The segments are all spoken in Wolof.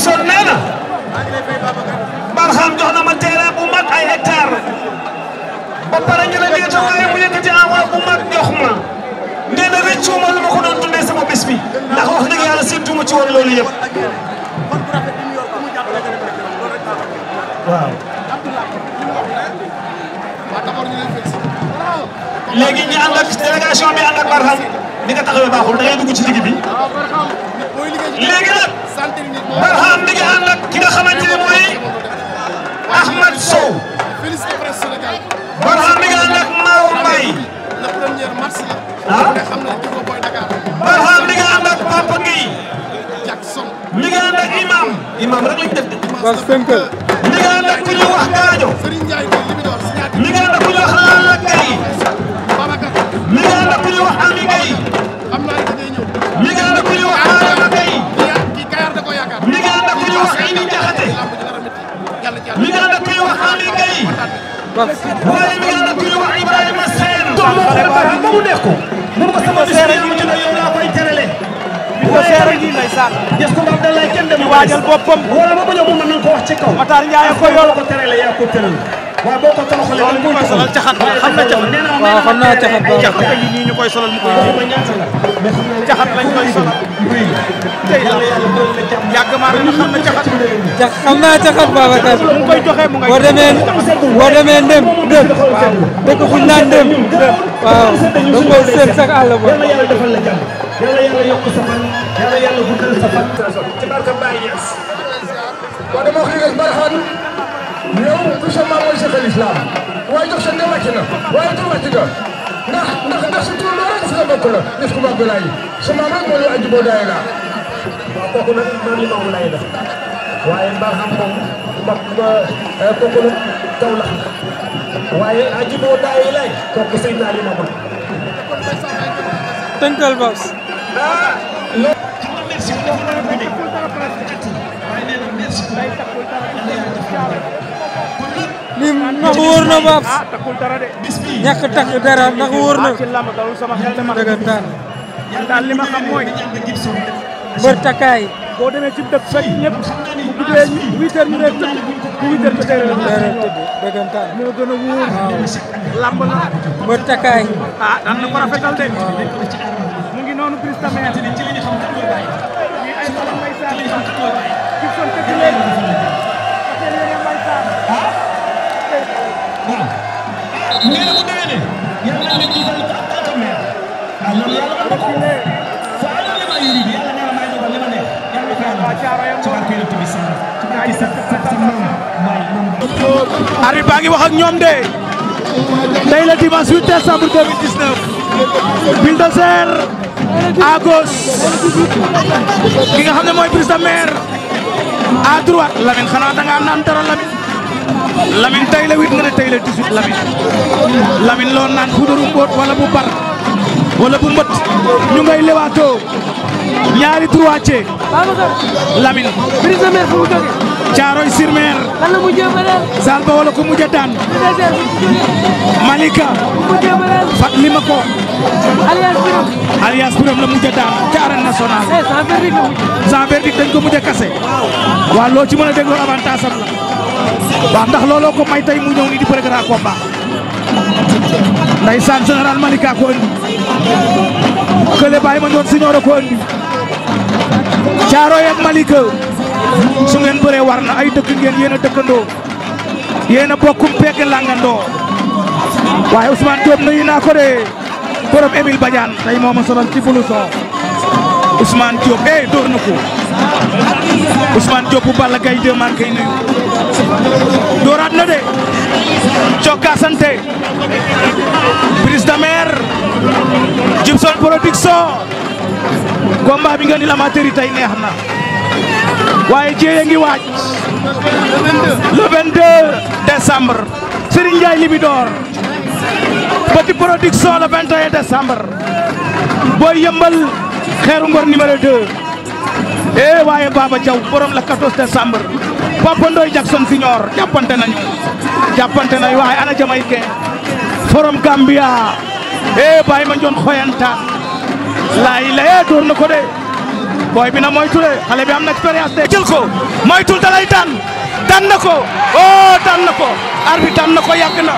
Sone nee na Barham jox na ma terrain bu mag ay hectare ba pare ñu ne lii jox waaye mu bu mag jox ma nee na rëccuuma lu ma ko doon sama bés ndax wax dëgg yàlla surtout ma ci woon loolu yëpp. waaw. léegi ñi ànd ak délégation bi ànd ak Barham ni nga taxawee baaxul da ngay dugg ci digg Barham mi ngi ànd ki nga xamante ne Ahmed Sow. Barham mi ngi ànd ak Maw Mbaye. ah. Barham mi ngi ànd ak Papa Guèye. mi Imam. Imam rek lañ def de. mi ngi ànd ak ku ñu wax Gaajo. mi ngi ànd ak waaye bi yàlla ku ñu wax Ibrahima Seen doom moo ko préparé ba mu nekk ko mun ko sama bis bi mu ci ne yow laa koy terale ko seere gi ndeysaan gis ko Abdoulaye kenn dem waajal boppam wala ba ba ci kaw Matar Ndiaye ko yool ko terale yaa ko terale waaw boo ko toroxalee loolu ñu koy solal caxat la xam na caxat waaw xam naa caxat ba caxat gi nii ñu koy solal mu koy caxat lañ koy solal tey la yàgg maa na xam na caxat cax xam naa caxat Babacar mu koy joxe mu ngay boo demee boo demee ndem ndem dëkk fu ñu naan ndem waaw da koy seet sax àll ba yàlla yàlla defal la jàmm yàlla yàlla yokk sa fan yàlla yàlla guddal sa fan ci barka Baye Niass yow ku sa maam mooy Cheikh al Islam waaye jox sa ne wàcc na waaye du wàcc nga ndax ndax ndax sa tur loolu rek sa bokk la def ko Mame Laye sa maam rek moo ñu aju boo daay laa. waaw kooku nag noonu li Mame Laye la waaye mbaaxam moom mbab eh, kooku nag taw la waaye aju boo daay lay kooku sëñ naa li ma mën. tënkal bas. ah loolu. merci beaucoup. ndax wóor na Babs ñàkk takk dara ndax wóor na dëggantaan daal li ma xam mooy mbër takkaay boo demee ci dëkk fekk ñëpp bu guddee huit heures ñu ne tëdd a na ko rafetal de mu ngi noonu Brise de Mer ñi ay xalam waaw nee na bu déwénee yàlla naa leen na la ma yuri bi yàlla nee na may dogal li ma ngi nga xam ne mooy Brise de Mer à droite Lamine xanaa da ngaa naan Lamine tey la huit nga ne tey la dix loo naan puudaru mbóot wala bu bar wala bu mbët ñu ngay lewaatoo ñaari trois Lamine. Caaroy sur Mer. lan la mu a ku mujj a daan. Malika. fàttali ma ko. alias Birom. la mujj a daan ca arène nationale. Eh, sans verdict dañ ko mujj a kase. waaw loo ci mën a dégloo avantage am waaw ndax looloo ko may tey mu ñëw ni di bëre grand combat ndeysaan général Malika ko andi kële bàyyi ma ñoon siñooro ko andi Caaroy ak Malika su ngeen bëree war ay dëkk ngeen yéen a dëkkandoo yéen a bokkum pegg langandoo waaye Ousmane Diop nuyu naa ko de borom Émile Badiane tey moo ma sonal ci bulu Ousmane Diop eh door na ko Ousmane Diop bu Balla Gaye maa ngi koy nuyu dooraat na de cokkaasante brise de mer Jibson production combat bi nga ni amateur yi neex na waaye jéeya ngi waaj le 22 décembre Serigne Ndiaye Libidor petit production le 21 décembre booy yëmbal Xeeru Ngor numéro 2 eh waaye Baba Diaw borom la 14 décembre Papa Ndoy Jackson Senior jàppante nañu jàppante nañu waaye ana Jamaïcain forom Gambia eh Baye ma njoon xoyantaan laay layee door na ko de booy bi na moytu de xale bi am na expérience de jël ko moytul dalay daan daan na ko oh daan na ko arbitre daan na ko yàgg na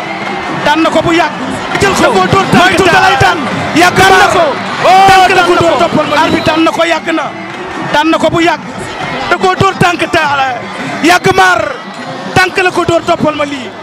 daan na ko bu yàgg jël ko moytul dalay daan yàgg na ko Oh, tànk la ko dóor arbitre tànn na ko yàgg na tànn na ko bu yàgg da koo dóor tànk taala yàgg maar tànk la ko dóor toppal ma lii